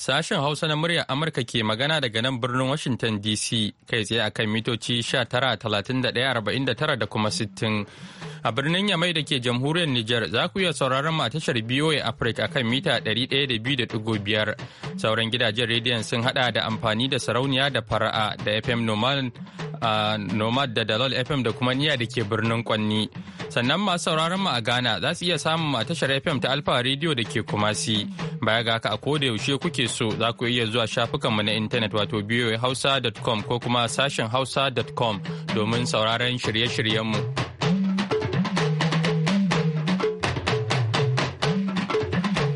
Sashen Hausa na muryar Amurka ke magana daga nan birnin Washington DC kai tsaye akan mitoci 19,31,49 da kuma 60. A birnin Yamai da ke jamhuriyar Nijar za ku iya sauraron mu a tashar BOA Africa akan mita 102.5. Sauran gidajen rediyon sun hada da amfani da sarauniya da fara'a da FM Nomad da Dalol FM da kuma niya da ke birnin Kwanni. sannan masu sauraron mu a Ghana za su iya samun a tashar FM ta Alfa Radio da ke Kumasi. Baya ga haka a koda yaushe kuke so za ku iya zuwa shafukan mu na intanet wato hausa.com ko kuma sashen hausa.com domin sauraron shirye-shiryen mu.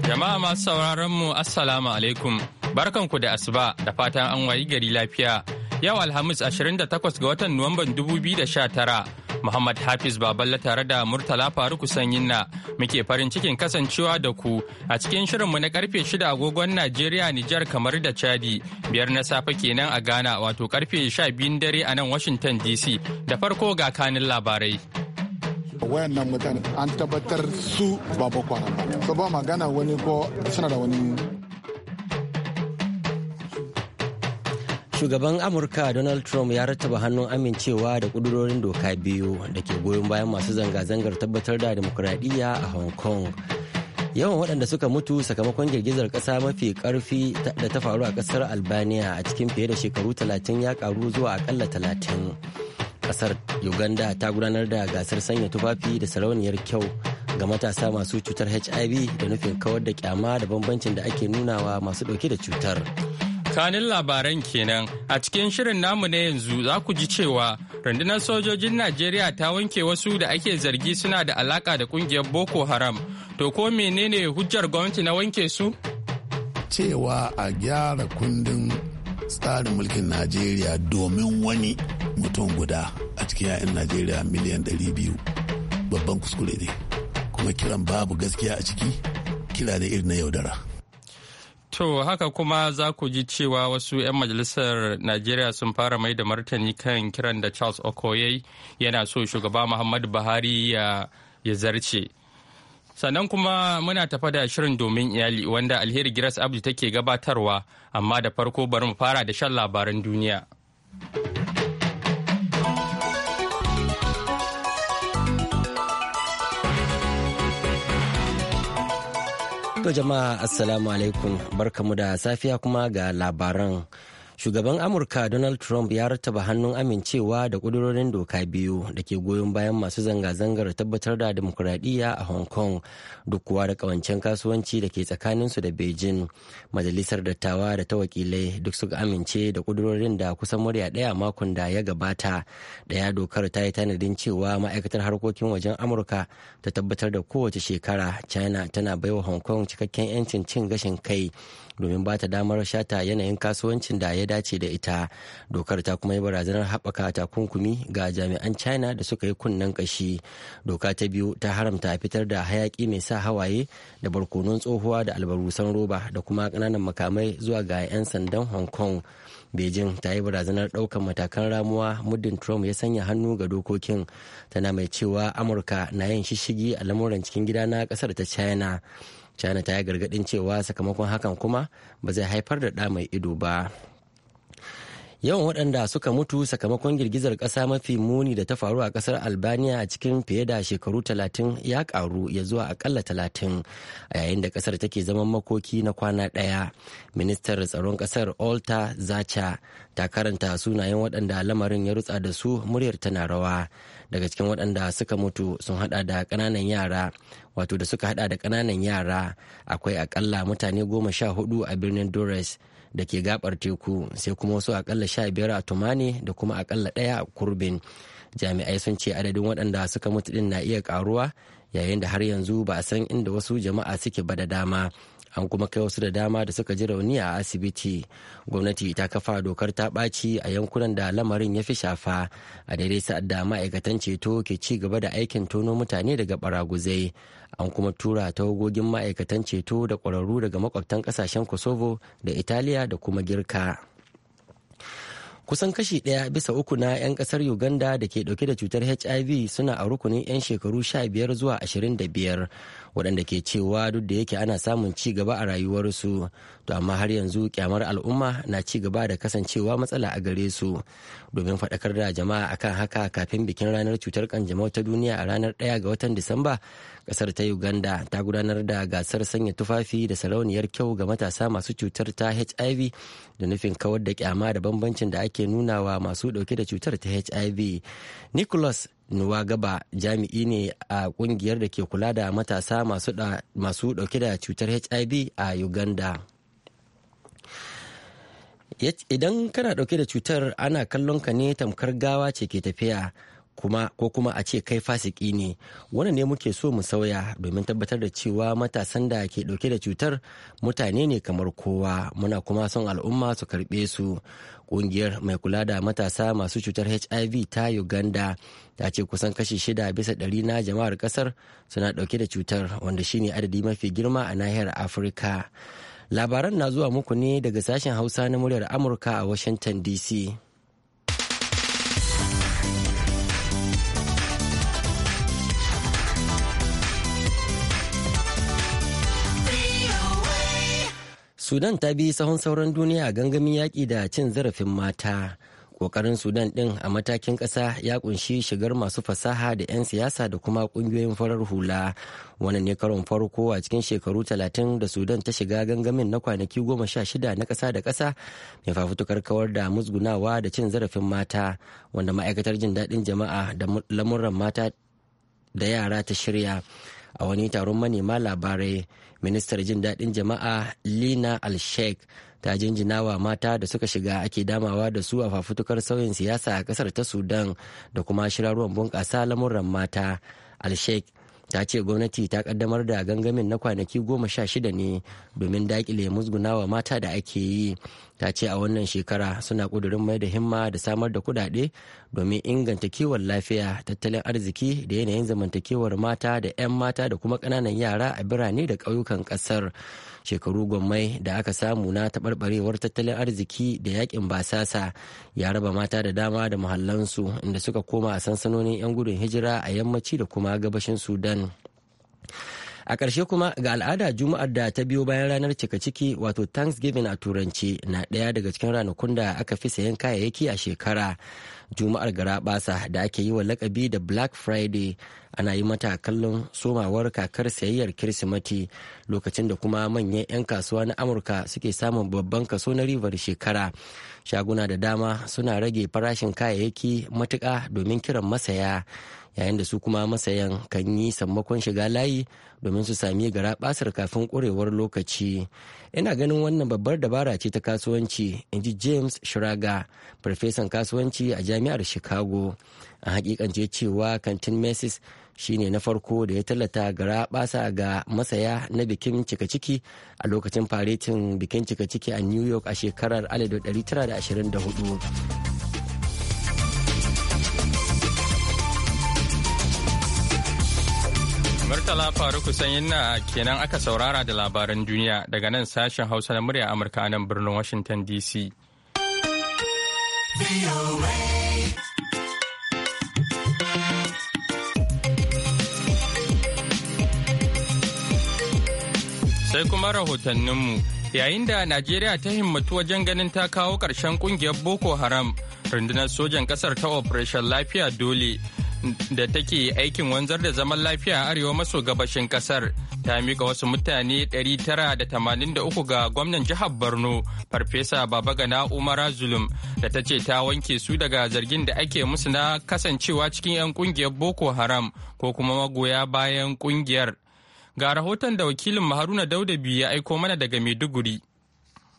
Jama'a masu sauraron mu Assalamu alaikum. Barkanku da asuba da fatan an wayi gari lafiya. Yau Alhamis 28 ga watan Nuwamban 2019 Muhammad Hafiz Baballa tare da Murtala Faruku na muke farin cikin kasancewa da ku a cikin shirinmu na karfe 6 agogon Najeriya Nijar kamar da Chadi biyar na safe kenan a Ghana wato karfe 12 dare a nan Washington DC da farko ga kanin labarai. wayannan mutane an tabbatar su ba boko ba. ba magana wani ko suna da wani shugaban amurka donald trump ya rattaba hannun amincewa da kudurorin doka biyu da ke goyon bayan masu zanga-zangar tabbatar da demokuraɗiyya a hong kong yawan waɗanda suka mutu sakamakon girgizar ƙasa mafi ƙarfi da ta faru a ƙasar albania a cikin fiye da shekaru talatin ya ƙaru zuwa aƙalla talatin ƙasar uganda ta gudanar da gasar sanya tufafi da sarauniyar kyau ga matasa masu cutar hiv da nufin kawar da kyama da bambancin da ake nunawa masu ɗauke da cutar tsakanin labaran kenan a cikin shirin namu na yanzu za ku ji cewa rundunar sojojin Najeriya ta wanke wasu da ake zargi suna da alaka da kungiyar Boko Haram. To ko menene hujjar gwamnati na wanke su? Cewa a gyara kundin tsarin mulkin Najeriya domin wani mutum guda a cikin 'ya'yan Najeriya miliyan 200 babban kuskure ne. Kuma kiran babu gaskiya a ciki kira da irin na yaudara. To haka kuma za ku ji cewa wasu 'yan majalisar Najeriya sun fara mai da martani kan kiran da Charles Okoye yana so shugaba Muhammadu Buhari ya zarce. Sannan kuma muna tafa da shirin domin iyali wanda alheri Giras Abdu take gabatarwa amma da farko bari mu fara da shan labaran duniya. To jama'a assalamu alaikum barkamu da safiya kuma ga labaran. shugaban amurka donald trump ya rattaba hannun amincewa da kudurorin doka biyu da ke goyon bayan masu zanga-zangar tabbatar da demokuraɗiyya a hong kong duk kuwa da kawancen kasuwanci da ke tsakaninsu da beijing majalisar dattawa da ta wakilai duk suka amince da kudurorin da kusan murya ɗaya makon da ya gabata ɗaya dokar ta yi tanadin cewa ma'aikatar harkokin wajen amurka ta tabbatar da kowace shekara china tana baiwa hong kong cikakken 'yancin cin gashin kai domin ba ta damar shata yanayin kasuwancin da ya dace da ita dokar ta kuma yi barazanar haɓaka takunkumi ga jami'an china da suka yi kunnen kashi doka ta biyu ta haramta fitar da hayaƙi mai sa hawaye da barkonon tsohuwa da albarusan roba da kuma ƙananan makamai zuwa ga 'yan sandan hong kong beijing ta yi barazanar ɗaukar matakan ramuwa muddin trump ya sanya hannu ga dokokin tana mai cewa amurka na yin shishigi a lamuran cikin gida na ƙasar ta china china ta yi gargadin cewa sakamakon hakan kuma ba zai haifar da ɗa mai ido ba yawan waɗanda suka mutu sakamakon girgizar ƙasa mafi muni da ta faru a ƙasar albania a cikin fiye da shekaru talatin ya ƙaru ya zuwa aƙalla talatin a yayin da ƙasar take zaman makoki na kwana ɗaya ministar tsaron ƙasar olta zacha ta karanta sunayen waɗanda lamarin ya rutsa da su muryar tana rawa daga cikin waɗanda suka mutu sun haɗa da ƙananan yara wato da suka haɗa da ƙananan yara akwai aƙalla mutane goma sha hudu a birnin dores da ke gabar teku sai kuma wasu akalla sha biyar a tumani da kuma akalla ɗaya a kurbin jami'ai sun ce adadin waɗanda suka mutu din na iya karuwa yayin da har yanzu ba a san inda wasu jama'a suke ba da dama an kuma kai wasu da dama da suka ji rauni a asibiti gwamnati ta kafa dokar ta ɓaci a yankunan da lamarin ya fi shafa a daidai sa'ad da ma'aikatan ceto ke ci gaba da aikin tono mutane daga baraguzai an kuma tura tawagogin ma'aikatan ceto da ƙwararru daga makwabtan ƙasashen kosovo da italiya da kuma girka kusan kashi ɗaya bisa uku na 'yan ƙasar uganda da ke ɗauke da cutar hiv suna a rukunin 'yan shekaru 15 zuwa 25 waɗanda ke cewa duk da yake ana samun ci gaba a rayuwarsu to amma har yanzu kyamar al'umma na ci gaba da kasancewa matsala a gare su domin faɗakar da jama'a akan haka kafin bikin ranar cutar kanjamau ta duniya a ranar 1 ga watan disamba kasar ta uganda ta gudanar da gasar sanya tufafi da sarauniyar kyau ga matasa masu cutar ta hiv da nufin kawar da kyama da bambancin da ake nunawa masu dauke da cutar ta hiv nicholas gaba jami'i ne a kungiyar da ke kula da matasa masu dauke da cutar HIV a Uganda. Idan kana dauke da cutar ana kallon ka ne tamkar gawa ce ke tafiya. kuma ko kuma a ce kai fasiki ne wannan ne muke so mu sauya domin tabbatar da cewa matasan da ke dauke da cutar mutane ne kamar kowa muna kuma son al'umma su karbe su kungiyar mai kula da matasa masu cutar hiv ta uganda ta ce kusan kashi shida bisa ɗari na jama'ar ƙasar suna dauke da cutar wanda shine adadi mafi girma a nahiyar afirka labaran na zuwa muku ne daga sashen hausa na muryar amurka a washington dc sudan ta bi sahun sauran duniya gangamin yaƙi da cin zarafin mata ƙoƙarin sudan ɗin a matakin ƙasa ya ƙunshi shigar masu fasaha da 'yan siyasa da kuma ƙungiyoyin farar hula wannan ne karon farko a cikin shekaru talatin da sudan ta shiga gangamin na kwanaki goma sha shida na ƙasa da ƙasa mai fafutukar kawar da musgunawa da cin zarafin mata wanda ma'aikatar jin daɗin jama'a da lamuran mata da yara ta shirya a wani taron manema labarai ministar jin daɗin jama'a lina alshek ta jinjina wa mata da suka shiga ake damawa da su a fafutukar sauyin siyasa a kasar ta sudan da kuma shirarruwan bunƙasa lamuran mata alshek ta ce gwamnati ta kaddamar da gangamin na kwanaki goma sha shida ne domin dakile musgunawa mata da ake yi ta ce a wannan shekara suna kudurin mai da himma da samar da kudade domin inganta kiwon lafiya tattalin arziki da yanayin zamantakewar mata da 'yan mata da kuma ƙananan yara a birane da ƙauyukan ƙasar. shekaru gwammai da aka samu na taɓarɓarewar tattalin arziki da yakin basasa ya raba mata da dama da muhallansu inda suka koma a sansanonin 'yan gudun hijira a yammaci da kuma gabashin sudan a ƙarshe kuma ga al'ada juma'ar da ta biyo bayan ranar cika ciki wato thanksgiving a turanci na ɗaya daga cikin ranakun da aka fi sayan kayayyaki a shekara juma'ar Gara garaɓasa da ake yi wa lakabi da black friday ana yi mata kallon somawar kakar sayayyar kirsimati lokacin da kuma manyan 'yan kasuwa na amurka suke samun babban kaso na ribar shekara shaguna da dama suna rage farashin kayayyaki matuƙa domin kiran masaya yayin da su kuma masayan kan yi sammakon shiga layi domin su sami gara basar kafin ƙurewar lokaci ina ganin wannan babbar dabara ce ta kasuwanci in ji james shiraga farfesan kasuwanci a jami'ar chicago a hakikance cewa kantin mesis shine na farko da ya tallata gara basa ga masaya na bikin cika ciki a lokacin faretin bikin cika ciki a new york a shekarar 1924 Murtala Faruku sanyin na kenan aka saurara da labaran duniya daga nan sashen Hausa na murya Amurka a nan birnin Washington DC. Sai kuma rahotanninmu yayin da Najeriya ta himmatu wajen ganin ta kawo ƙarshen ƙungiyar Boko Haram rundunar sojan ƙasar ta Operation Lafiya Dole da take aikin wanzar da zaman lafiya a arewa maso gabashin kasar ta mika wasu mutane 983 ga gwamnan jihar borno farfesa babagana umara zulum da ta ce ta wanke su daga zargin da ake musu na kasancewa cikin 'yan ƙungiyar boko haram ko kuma magoya bayan ƙungiyar. ga rahoton da wakilin maharuna daudabi ya aiko mana daga maiduguri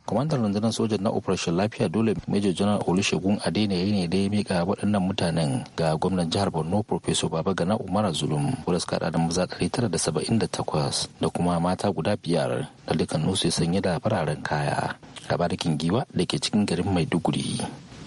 kwamandan rundunar sojan na operation lafiya dole major general olusegun adeniyi ne da ya mika waɗannan mutanen ga gwamnan jihar borno professor gana umar zulum wadda suka da maza 978 da kuma mata guda biyar da dukkan nusu ya sanye da fararen kaya Gaba barikin giwa da ke cikin garin maiduguri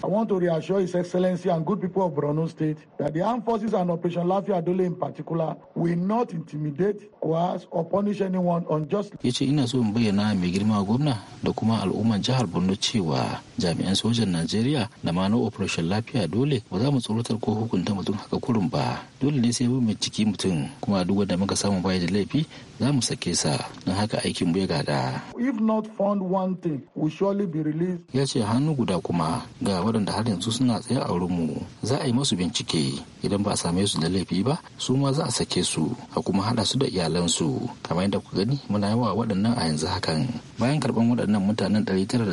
I want to reassure His Excellency and good people of Borno State that the armed forces and Operation Lafiya in particular will not intimidate, coerce or punish anyone unjustly. Ya ce ina so in bayyana mai girma gwamna da kuma al'umman jihar Borno cewa jami'an sojan Najeriya da ma na Operation Lafiya Dole ba za mu tsoratar ko hukunta mutum haka kurum ba. Dole ne sai mu binciki mutum kuma duk wanda muka samu baya da laifi za mu sake sa don haka aikin bai gada. If not found one thing, we surely be released. Ya ce hannu guda kuma ga waɗanda har yanzu suna tsaye a wurinmu za a yi masu bincike idan ba a same su da laifi ba su ma za a sake su a kuma haɗa su da iyalansu kamar yadda ku gani muna yawa waɗannan a yanzu hakan bayan karɓan waɗannan mutanen tara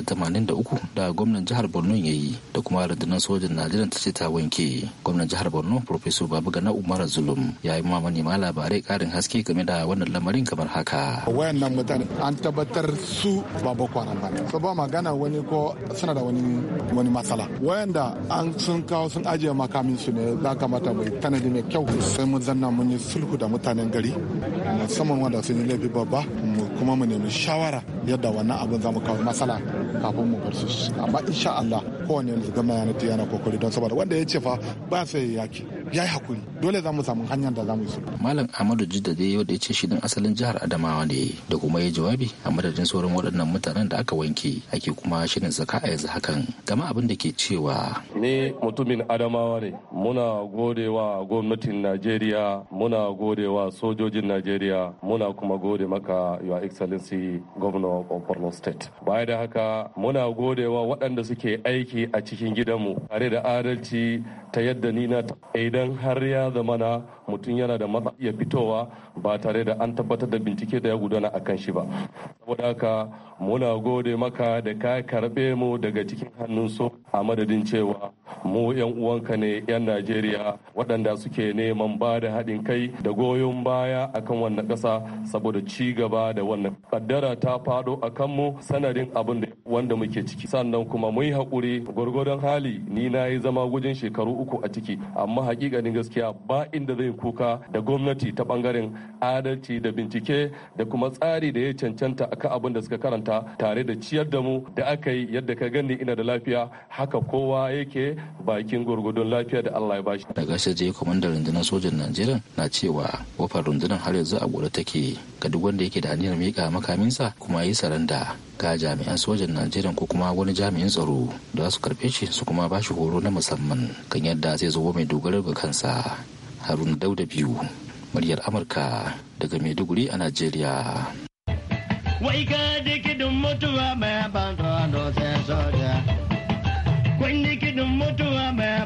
da gwamnan jihar borno ya yi da kuma rundunar sojan najeriya ta ce ta wanke gwamnan jihar borno professor gana umar zulum ya yi ma manema labarai ƙarin haske game da wannan lamarin kamar haka wayannan mutane an tabbatar su ba boko haram ba ne so ba magana wani ko suna da wani matsala ba wayanda an sun kawo sun ajiye makamin su ne za mata mai tanadi mai kyau sai mun zanna mun yi sulhu da mutanen gari musamman wanda sun yi laifi babba mu kuma mu nemi shawara yadda wannan abin za mu kawo matsala kafin mu bar su amma insha Allah kowane yanzu gama yana kokari don saboda wanda ya ce fa ba sai yaki ya yi hakuri dole za mu samu hanyar da za mu yi malam ahmadu jidda dai wanda ya ce shi dan asalin jihar adamawa ne da kuma ya jawabi a madadin sauran waɗannan mutanen da aka wanke ake kuma shirin zaka a yanzu hakan gama abin da ke cewa. ni mutumin adamawa ne muna godewa gwamnatin najeriya muna godewa sojojin najeriya muna kuma gode maka your excellency governor of borno state baya da haka muna godewa waɗanda suke aiki a cikin gidanmu tare da adalci ta yadda ni na idan har ya zamana mutum yana da matsa ya fitowa ba tare da an tabbatar da bincike da ya gudana a kan shi ba saboda haka muna gode maka da ka karbe mu daga cikin hannun so a madadin cewa mu yan uwanka ne yan najeriya waɗanda suke neman ba da haɗin kai da goyon baya akan wannan ƙasa saboda ci gaba da wannan kaddara ta faɗo a kanmu sanadin abin da wanda muke ciki sannan kuma mu yi haƙuri gwargwadon hali ni na yi zama gujin shekaru uku a ciki amma haƙi hakikanin gaskiya ba inda zai kuka da gwamnati ta bangaren adalci da bincike da kuma tsari da ya cancanta akan abin da suka karanta tare da ciyar da mu da aka yi yadda ka gani ina da lafiya haka kowa yake bakin gurgudun lafiya da Allah ya bashi. Daga shi je kwamandan rundunar sojan Najeriya na cewa kofar rundunar har yanzu a gore take ga duk wanda yake da aniyar mika makaminsa kuma yi saranda ga jami'an sojan najeriya ko kuma wani jami'in tsaro da su karbe shi su kuma ba shi horo na musamman kan yadda zai zo mai dogaro ga kansa Harun dauda biyu muryar amurka daga maiduguri a najeriya wai ka mutuwa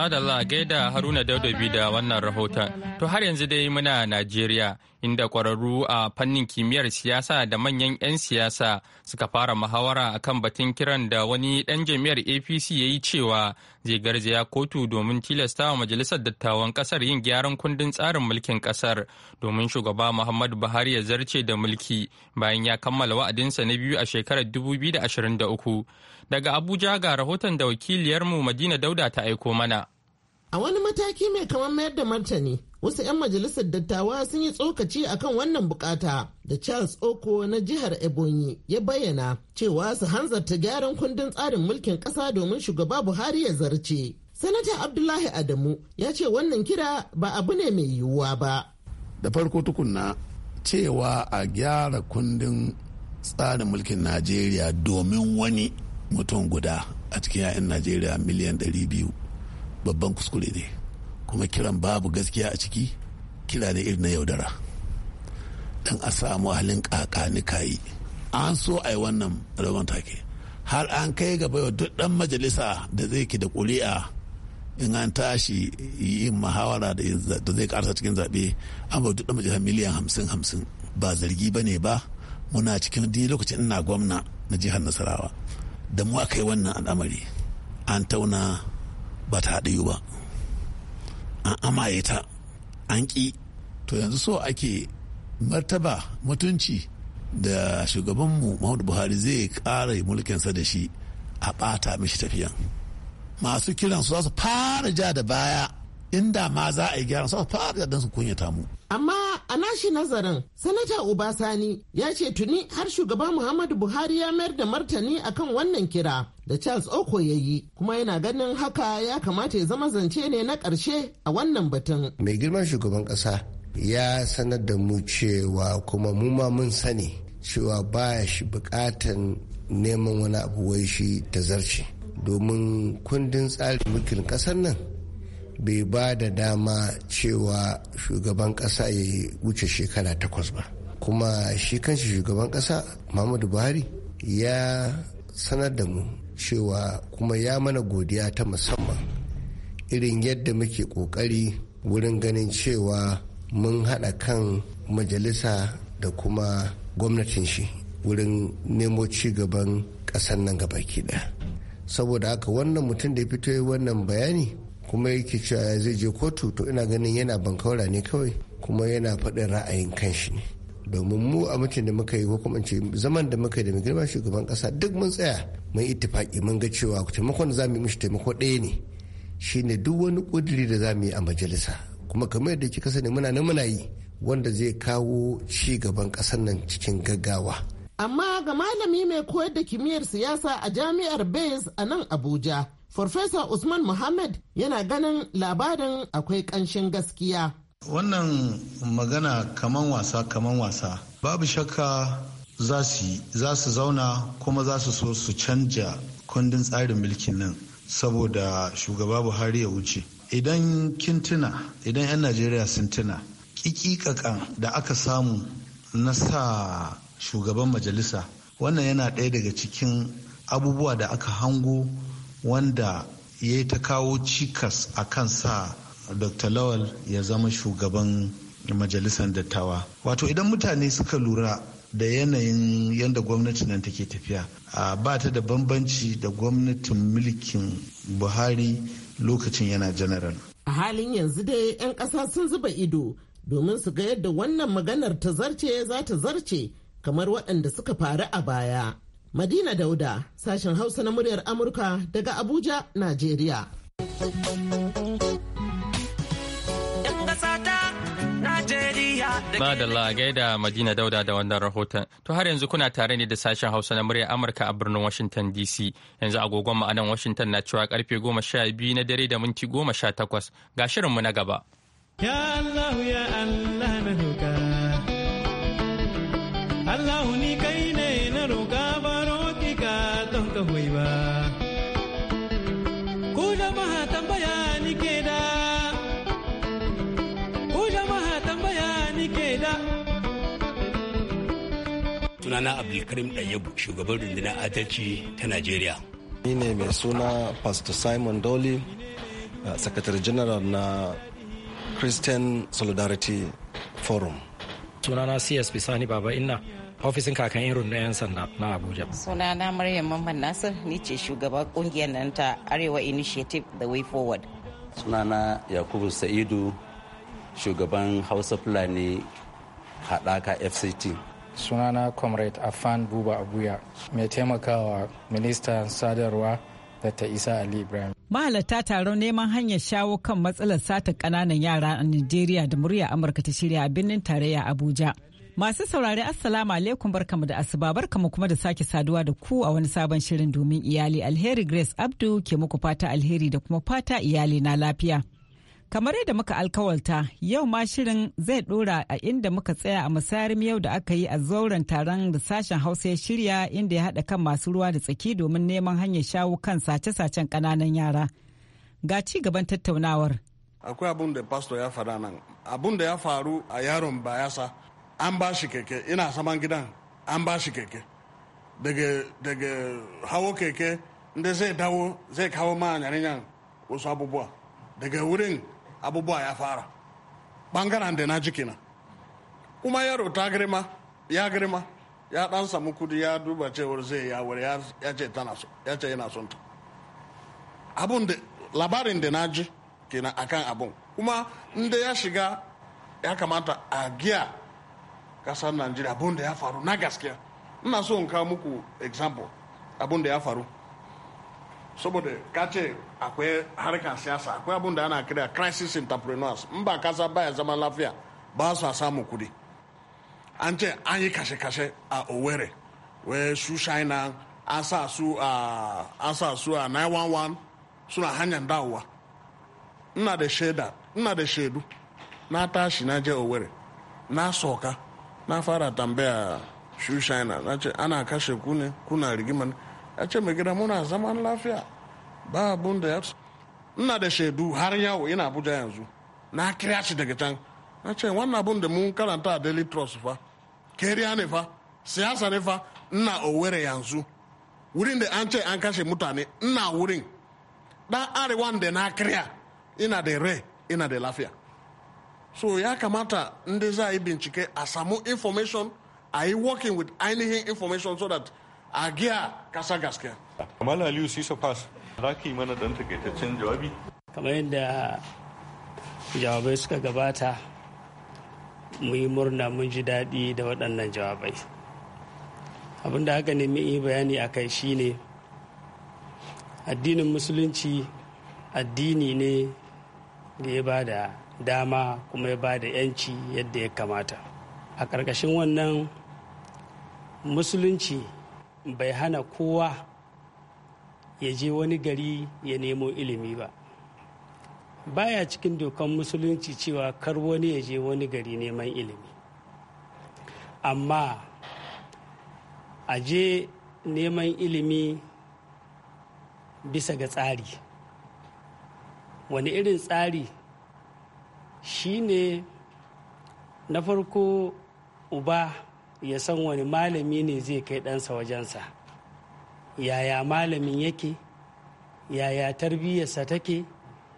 Madalla gaida Haruna Daudabi da wannan rahoton. To har yanzu dai muna Najeriya inda ƙwararru a fannin kimiyyar siyasa da manyan 'yan siyasa suka fara muhawara a kan batun kiran da wani ɗan jami'ar apc ya yi cewa zai garzaya kotu domin tilastawa majalisar dattawan ƙasar yin gyaran kundin tsarin mulkin ƙasar domin shugaba muhammadu buhari ya zarce da mulki bayan ya kammala wa'adinsa na biyu a shekarar 2023 daga abuja ga rahoton da wakiliyarmu madina dauda ta aiko mana a wani mataki mai kamar mayar da martani wasu 'yan majalisar dattawa sun yi tsokaci akan wannan bukata da charles oko na jihar ebonyi ya bayyana cewa su hanzarta gyaran kundin tsarin mulkin kasa domin shugaba buhari ya zarce sanata abdullahi adamu ya ce wannan kira ba abu ne mai yiwuwa ba da farko tukunna cewa a gyara kundin tsarin mulkin najeriya domin wani mutum guda a cikin 'ya'yan najeriya miliyan 200 babban kuskure ne kuma kiran babu gaskiya a ciki kira ne irin na yaudara dan a samu halin kakani kayi an so a yi wannan rabon take har an kai gaba yau duk dan majalisa da zai ki da kuri'a in an tashi yin muhawara da zai karsa cikin zaɓe an duk dan majalisa miliyan hamsin hamsin ba zargi ba ne ba muna cikin dini lokacin ina gwamna na jihar nasarawa da mu aka yi wannan al'amari an tauna ba ta haɗu ba an amaye ta an ƙi to yanzu so ake martaba mutunci da shugabanmu Muhammadu Buhari zai ƙara mulkinsa da shi a ɓata mishi tafiyan masu kiran su za su fara ja da baya inda ma za a yi gyaran sa fara da su ta mu amma a nashi nazarin sanata obasani ya ce tuni har shugaba muhammadu buhari ya mayar da martani akan wannan kira da charles oko ya yi kuma yana ganin haka ya kamata ya zama zance ne na ƙarshe a wannan batun mai girman shugaban ƙasa ya sanar da mu cewa kuma mu ma mun sani cewa ba shi bukatan neman wani abu wai shi ta zarce domin kundin tsarin mulkin ƙasar nan bai ba da dama cewa shugaban ƙasa ya wuce shekara takwas ba kuma shi kanshi shugaban ƙasa muhammadu buhari ya sanar da mu cewa kuma ya mana godiya ta musamman irin yadda muke ƙoƙari wurin ganin cewa mun haɗa kan majalisa da kuma gwamnatin shi wurin nemo ci gaban ƙasar nan gabaki ɗaya saboda haka wannan mutum da ya fito wannan bayani kuma yake cewa zai je kotu to ina ganin yana bankaura ne kawai kuma yana faɗin ra'ayin kanshi ne domin mu a mutum da muka yi hukumance zaman da muka yi da girma shugaban ƙasa duk mun tsaya mun ittifaki mun ga cewa taimakon za mu yi mishi taimako ɗaya ne shine duk wani ƙudiri da za mu yi a majalisa kuma kamar yadda kika sani muna nan muna yi wanda zai kawo ci gaban ƙasar nan cikin gaggawa amma ga malami mai koyar da kimiyyar siyasa a jami'ar Bayes a nan Abuja Farfesa Usman Muhammad yana ganin labarin akwai ƙanshin gaskiya. Wannan magana kaman wasa kaman wasa. Babu shakka za su zauna kuma za su so su canja kundin tsarin mulkin nan saboda shugaba Buhari ya wuce. Idan kin tuna, idan 'yan Najeriya sun tuna, kikikakan da aka samu na sa shugaban majalisa wannan yana ɗaya daga cikin abubuwa da aka hango wanda ya yi ta kawo cikas a kan sa dr lawal ya zama shugaban majalisar dattawa wato idan mutane suka lura da yanayin yadda gwamnati nan take tafiya ba ta da bambanci da gwamnatin mulkin buhari lokacin yana janaral a halin yanzu dai 'yan ƙasa sun zuba ido domin su ga yadda wannan maganar ta zarce za ta zarce kamar waɗanda suka faru a baya Madina Dauda, sashen Hausa na muryar Amurka daga Abuja, Najeriya. Ba da lagai da Madina Dauda da wannan rahoton. To har yanzu kuna tare ne da sashen Hausa na muryar Amurka a birnin Washington DC. Yanzu agogon ma'anan Washington na cewa karfe goma sha biyu na dare da minti goma sha takwas. Ga shirinmu na gaba. Ya Allah ya Allah na ni sunana abdulkarim ɗayyabu shugaban rundunar adalci ta najeriya ni ne mai suna pastor simon dolly uh, secretary general na christian solidarity forum sunana csp sani baba inna ofisin kakan irin na 'yan sanda na abuja sunana maryam mamman nasir ni ce shugaban kungiyar nan ta arewa initiative the way forward sunana yakubu sa'idu shugaban hausa fulani haɗaka fct sunana comrade afan buba abuya mai taimakawa ministan sadarwa da ta isa ali ibrahim mahalarta taron neman hanyar shawo kan matsalar sata kananan yara a nigeria da murya amurka ta shirya a birnin tarayya abuja masu saurari assalamu alaikum barkamu da asuba barkamu kuma da sake saduwa da ku a wani sabon shirin domin iyali alheri grace abdu ke muku fata alheri da kuma fata iyali na lafiya Kamar yadda muka alkawalta, yau ma shirin zai dora a inda muka tsaya a musayarim yau da aka yi a zauren taron da sashen Hausa ya shirya inda ya haɗa kan masu ruwa da tsaki domin neman hanyar shawo kan sace-sacen ƙananan yara. Ga ci gaban tattaunawar. Akwai abun da pastor ya faɗa nan. Abun da ya faru a yaron bayasa an ba shi keke ina saman gidan an ba shi keke. Daga daga hawo keke inda zai dawo zai kawo ma yanyan wasu abubuwa. Daga wurin abubuwa ya fara bangaren da na ji kenan kuma ya ta girma ya girma ya dan samu kudi ya duba cewar zai ya wuri ya ce tana so ya ce yana son ta abun da labarin da na ji kenan akan abun kuma inda ya shiga ya kamata a giya kasar najeriya abun da ya faru na gaskiya ina so in kawo muku example abun da ya faru saboda ka ce akwai harkar siyasa akwai abin da ana kira crisis entrepreneurs in ba kasa baya zaman lafiya ba su samun kudi an ce an yi kashe-kashe a owerri wai su china an sa su a 911 suna hanyar dawowa ina da shaida ina da shaidu na tashi na je owerri na soka na fara tambaya su china na ce ana kashe ku ne kuna rigima ya ce mai gida muna zaman lafiya ba abun da ya ina da shaidu har yawo ina abuja yanzu na kira shi daga can na ce wannan abun da mun karanta a daily trust fa keriya ne fa siyasa ne fa ina owere yanzu wurin da an ce an kashe mutane ina wurin dan arewa da na kira ina da re ina da lafiya so ya kamata ndị za a yi bincike a samu information a yi working with ainihin information so that a giya kasa gaskiya. Kamala Aliyu Sisa Pass, za ki mana ɗan takaitaccen jawabi? Kamar yadda jawabai suka gabata, mu yi murna mun ji daɗi da waɗannan jawabai. Abin da haka nemi yi bayani a kai shi ne, addinin musulunci addini ne da ya ba da dama kuma ya ba da 'yanci yadda ya kamata. A ƙarƙashin wannan musulunci bai hana kowa ya je wani gari ya nemo ilimi ba baya cikin dokan musulunci cewa kar wani ya je wani gari neman ilimi amma a je neman ilimi bisa ga tsari wani irin tsari shine na farko uba ya san wani malami ne zai kai ɗansa wajensa yaya malamin yake yaya tarbiyyarsa take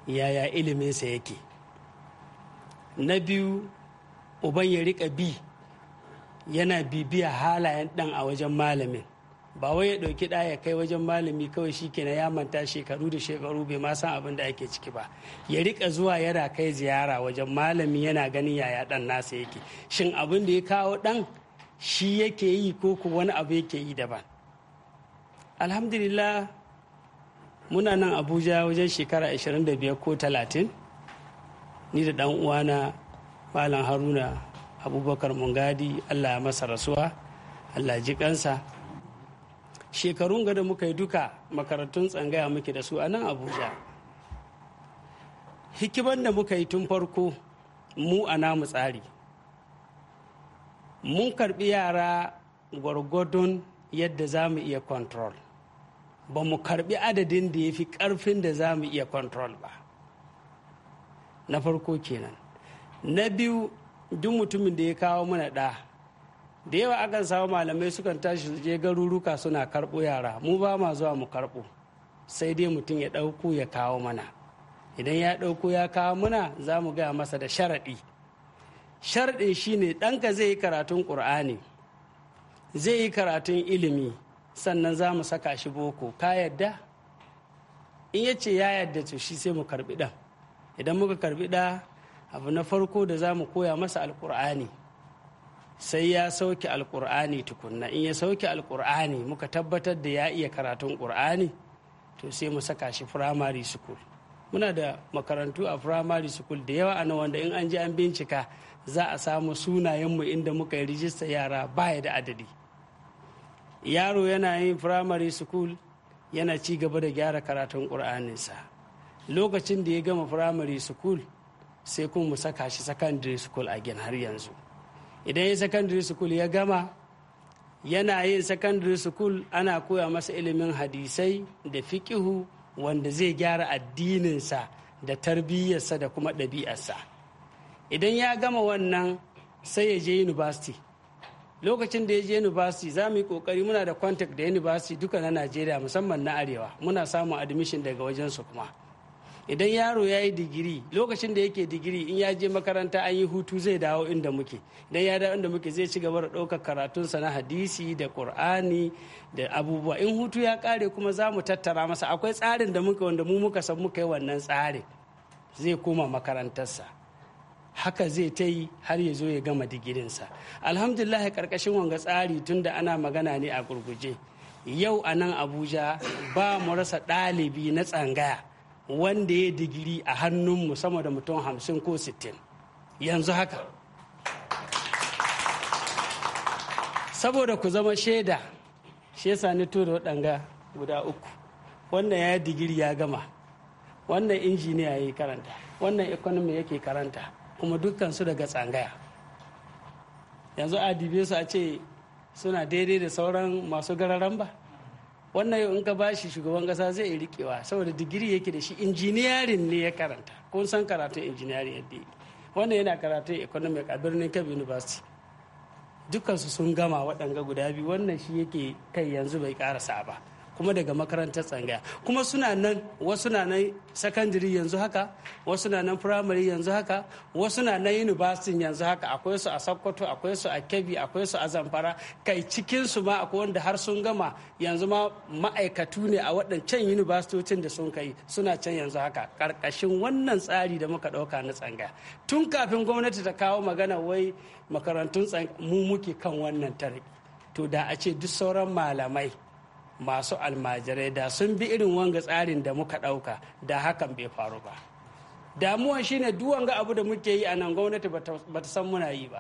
yaya iliminsa yake na biyu uban ya rika bi yana bibiya halayen ɗan a wajen malamin ba wai ya ɗauki ɗa ya kai wajen malami kawai shi kenan ya manta shekaru da shekaru bai ma san abin da ake ciki ba ya rika zuwa yana kai ziyara wajen malami yana ganin yaya ɗan nasa yake shin abin da ya kawo ɗan shi yake yi ko ku wani abu yake yi daban alhamdulillah muna nan abuja wajen shekara 25 ko 30 ni da dan uwana malam haruna abubakar mungadi allah masa rasuwa allah ji kansa shekarun gada muka yi duka makarantun tsangaya muke da su a nan abuja hikiman da muka yi tun farko mu a namu tsari mun karbi yara gwargwadon yadda za mu iya control ba mu karbi adadin da ya fi karfin da za mu iya control ba na farko kenan na biyu duk mutumin da ya kawo mana ɗa da yawa akan samu malamai sukan tashi su je garuruka suna karɓo yara mu ba ma zuwa mu karɓo sai dai mutum ya ɗauko ya kawo mana idan ya ɗauko ya kawo mana za mu gaya masa da sharaɗi sharɗe shine ɗanka zai yi karatun ƙur'ani zai yi karatun ilimi sannan za mu saka shi boko ka yadda in ya ce ya yadda to shi sai mu karbi ɗan idan muka karbi ɗa abu na farko da za mu koya masa alƙur'ani sai ya sauke alƙur'ani tukunna in ya sauke alƙur'ani muka tabbatar da ya iya karatun ƙur'ani to sai mu saka shi firamare school muna da makarantu a firamare school da yawa a wanda in an ji an bincika za a samu sunayenmu inda muka yi rijista yara baya da adadi yaro yana yin primary school yana ci gaba da gyara karatun ƙur'aninsa lokacin da ya gama primary school sai kuma mu saka shi secondary school a gin har yanzu idan ya secondary school ya gama yana yin secondary school ana koya masa ilimin hadisai da fiƙihu wanda zai gyara addininsa da tarbiyyarsa da kuma ɗabi'arsa idan ya gama wannan sai ya je university lokacin da ya je university za mu yi kokari muna da contact da university duka na najeriya musamman na arewa muna samun admission daga wajensu kuma idan yaro ya yi digiri lokacin da yake digiri in ya je makaranta an yi hutu zai dawo inda muke idan ya dawo inda muke zai ci gaba da ɗaukar karatunsa na hadisi da qur'ani da abubuwa in hutu ya kare kuma za mu tattara masa akwai tsarin da muke wanda mu muka san muka yi wannan tsarin zai koma makarantarsa haka zai ta yi har ya zo ya gama digirinsa alhamdulillah karkashin wanga tsari tun da ana magana ne a gurguje yau a nan abuja ba mu rasa ɗalibi na tsangaya wanda ya digiri a hannunmu sama da mutum hamsin ko sittin yanzu haka saboda ku zama shaida shi yasa ni tura waɗanga guda uku wannan ya digiri ya gama wannan injiniya ya yi karanta wannan ikonomi yake karanta kuma dukkansu daga tsangaya yanzu a dibe su a ce suna daidai da sauran masu gararan ba wannan yau in ka bashi shugaban kasa zai yi rikewa saboda digiri yake da shi injiniyarin ne ya karanta kun san karatun injiniyarin yadda yi wannan yana karatun economic a birnin kebbi university dukansu sun gama waɗanga guda biyu wannan shi yake kai yanzu bai karasa ba kuma daga makarantar tsangaya kuma suna nan wasu na nan secondary yanzu haka wasu na nan firamare yanzu haka wasu na nan university yanzu haka akwai su a sokoto akwai su a kebbi akwai su a zamfara kai cikin su ma akwai wanda har sun gama yanzu ma ma'aikatu ne a waɗancan universitocin da sun kai suna can yanzu haka ƙarƙashin wannan tsari da muka ɗauka na tsangaya tun kafin gwamnati ta kawo magana wai makarantun mu muke kan wannan tare to da a ce duk sauran malamai masu almajirai da sun bi irin wanga tsarin da muka ɗauka da hakan bai faru ba damuwa shine duk wanga abu da muke yi a nan gwamnati ba ta san muna yi ba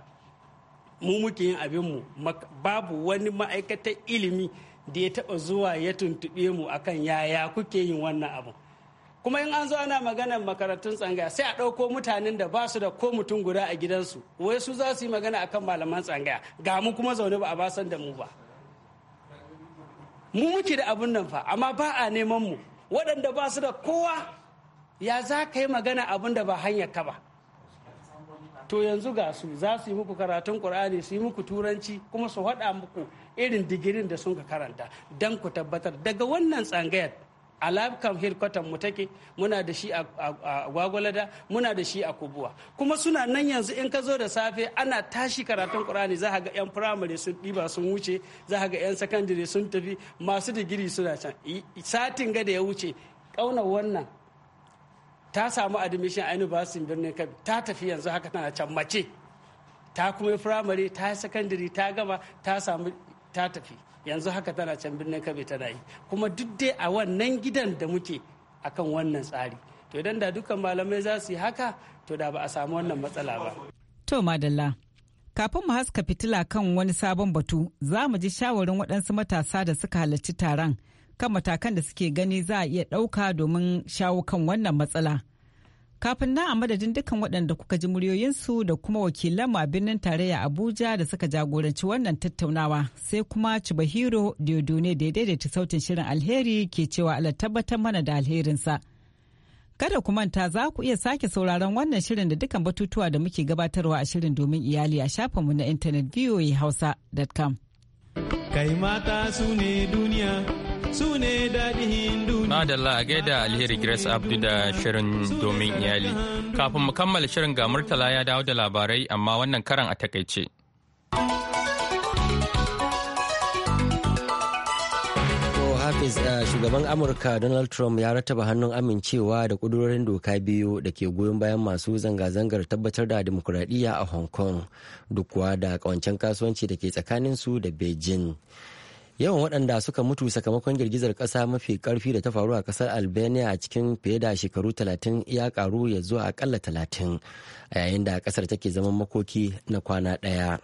mu muke yin abinmu babu wani ma'aikatar ilimi da ya taɓa zuwa ya tuntuɓe mu akan yaya kuke yin wannan abu kuma in an zo ana maganar makarantun tsangaya sai a ɗauko mutanen da ba su da ko mutum guda a gidansu wai su za su yi magana akan malaman tsangaya ga mu kuma zaune ba a basan da mu ba mu muke da abun nan fa amma ba a neman mu waɗanda ba su da kowa ya za ka yi magana abun da ba hanyar ka ba to yanzu ga su za su yi muku karatun ƙur'ani su yi muku turanci kuma su haɗa muku irin digirin da sun ka karanta don ku tabbatar daga wannan tsangayar a labcam headquarter mu take muna da shi a gwagwalada muna da shi a kubuwa kuma suna nan yanzu in ka zo da safe ana tashi karatun qur'ani za ga yan firamare sun ɗiba sun wuce za ga yan sakandare sun tafi masu digiri suna can satin ga da ya wuce ƙaunar wannan ta samu admission a university birnin kabi ta tafi yanzu haka tana can mace ta kuma firamare ta sakandare ta gama ta samu ta tafi yanzu haka tana can birnin kabe tana yi kuma duk dai a wannan gidan da muke akan wannan tsari to idan da dukkan malamai za su yi haka to da ba a samu wannan matsala ba to madalla kafin mu haska fitila kan wani sabon batu za mu ji shawarin waɗansu matasa da suka halarci taron kan matakan da suke gani za a iya ɗauka domin shawo kan wannan matsala kafin na a madadin dukkan waɗanda kuka ji muryoyinsu da kuma wakilan a birnin tarayya abuja da suka jagoranci wannan tattaunawa sai kuma cibahiro diodone da ya daidaita sautin shirin alheri ke cewa ala tabbatar mana da alherinsa kada ku manta za ku iya sake sauraron wannan shirin da dukkan batutuwa da muke gabatarwa a shirin domin iyali a shafinmu na intanet voahausa.com kai mata su ne duniya su ne daɗin duniya. Madalla a gaida alheri Grace Abdu da shirin domin iyali. Kafin mu kammala shirin ga Murtala ya dawo da labarai amma wannan karan a takaice. Hafiz shugaban Amurka Donald Trump ya rataba hannun amincewa da kudurorin doka biyu da ke goyon bayan masu zanga-zangar tabbatar da demokuraɗiyya a Hong Kong duk kuwa da kawancen kasuwanci da ke tsakanin su da Beijing. yawan waɗanda suka mutu sakamakon girgizar ƙasa mafi ƙarfi da ta faru a ƙasar albania a cikin fiye da shekaru 30 ya ƙaru ya zuwa aƙalla 30 a yayin da ƙasar take zaman makoki na kwana ɗaya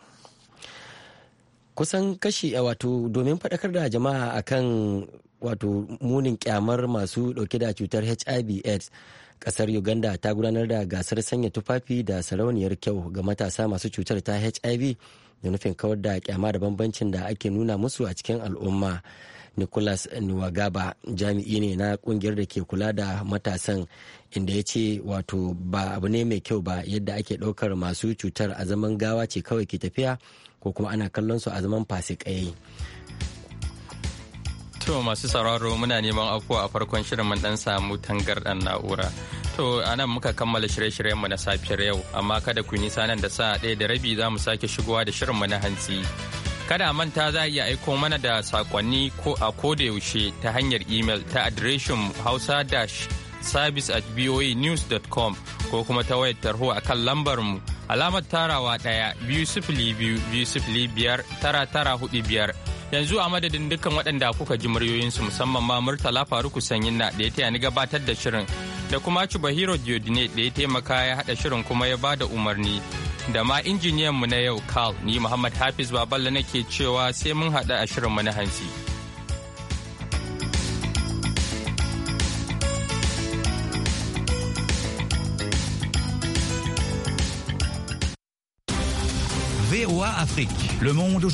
kusan kashi eh, wato domin faɗakar da jama'a kan wato munin kyamar masu ɗauke da cutar hiv aids ƙasar uganda ta gudanar da gasar sanya tufafi da sarauniyar kyau ga matasa masu cutar ta hiv da nufin kawar da kyama da bambancin da ake nuna musu a cikin al'umma nicholas nwagaba jami'i ne na kungiyar da ke kula da matasan inda ya ce wato ba abu ne mai kyau ba yadda ake ɗaukar masu cutar a zaman gawa ce kawai ke tafiya ko kuma ana kallon su a zaman fasikai to masu sauraro muna neman afuwa a farkon shirin mun dan samu tangardan na'ura To a nan muka kammala shirye-shiryenmu na safiyar yau, amma kada ku nisa nan da sa'a ɗaya da rabi za mu sake shigowa da shirinmu na hantsi. Kada manta za a iya aiko mana da sakonni ko a yaushe ta hanyar imel ta adireshin hausa dash service at dot com ko kuma ta wayar tarho a kan lambarmu alamar tarawa ɗaya biyu sifili biyu biyu sifili biyar tara tara hudu biyar. yanzu a madadin dukkan waɗanda kuka ji muryoyinsu musamman ma murtala faruku sanyin na da ya taya ni gabatar da shirin da kuma Chubahiro Diodine da ya taimaka ya haɗa shirin kuma ya ba da umarni. Da ma injiniyan mu na yau Carl ni Muhammad Hafiz Baballa nake cewa sai mun haɗa a shirin mu na hansi. VOA Afrique. Le monde